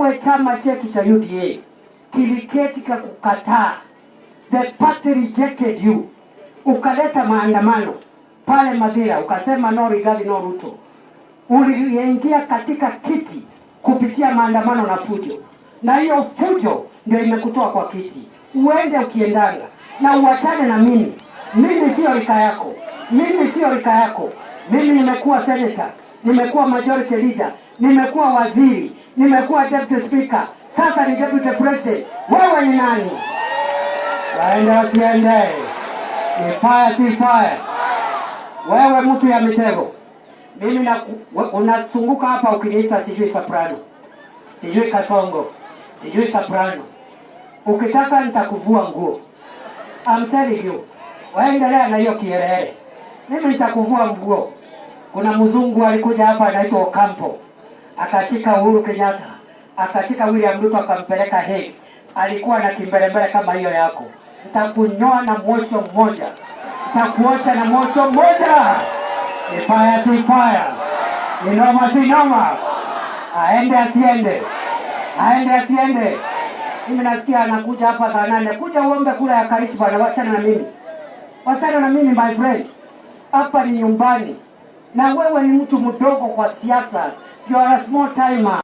wewe chama chetu cha UDA kiliketi kukataa the party rejected you, ukaleta maandamano pale Madhira ukasema no Rigathi, no Ruto. Uliingia katika kiti kupitia maandamano na fujo, na hiyo fujo ndio imekutoa kwa kiti. Uende ukiendanga na uachane na mimi. Mimi sio rika yako, mimi sio rika yako. Mimi nimekuwa senator, nimekuwa majority leader, nimekuwa waziri nimekuwa deputy speaker, sasa ni deputy president. Wewe ni nani? Waende wasiende, fire si fire. Wewe mtu ya mitego, mimi unasunguka hapa ukiniita sijui soprano, sijui kasongo, sijui soprano. Ukitaka nitakuvua nguo, I'm telling you. Waendelea na hiyo kielele, mimi nitakuvua nguo. Kuna mzungu alikuja hapa anaitwa Okampo akashika Uhuru Kenyatta, akashika William Ruto akampeleka Hague. Alikuwa na kimbelembele kama hiyo yako, nitakunyoa na moto mmoja, nitakuocha na moto mmoja. Ipaya si ipaya, inoma si noma, aende asiende, aende asiende. Mimi nasikia anakuja hapa saa nane, kuja uombe kula ya karishi bwana, wachana na mimi, wachana na mimi my friend, hapa ni nyumbani na wewe ni mtu mdogo kwa siasa. You are a small timer.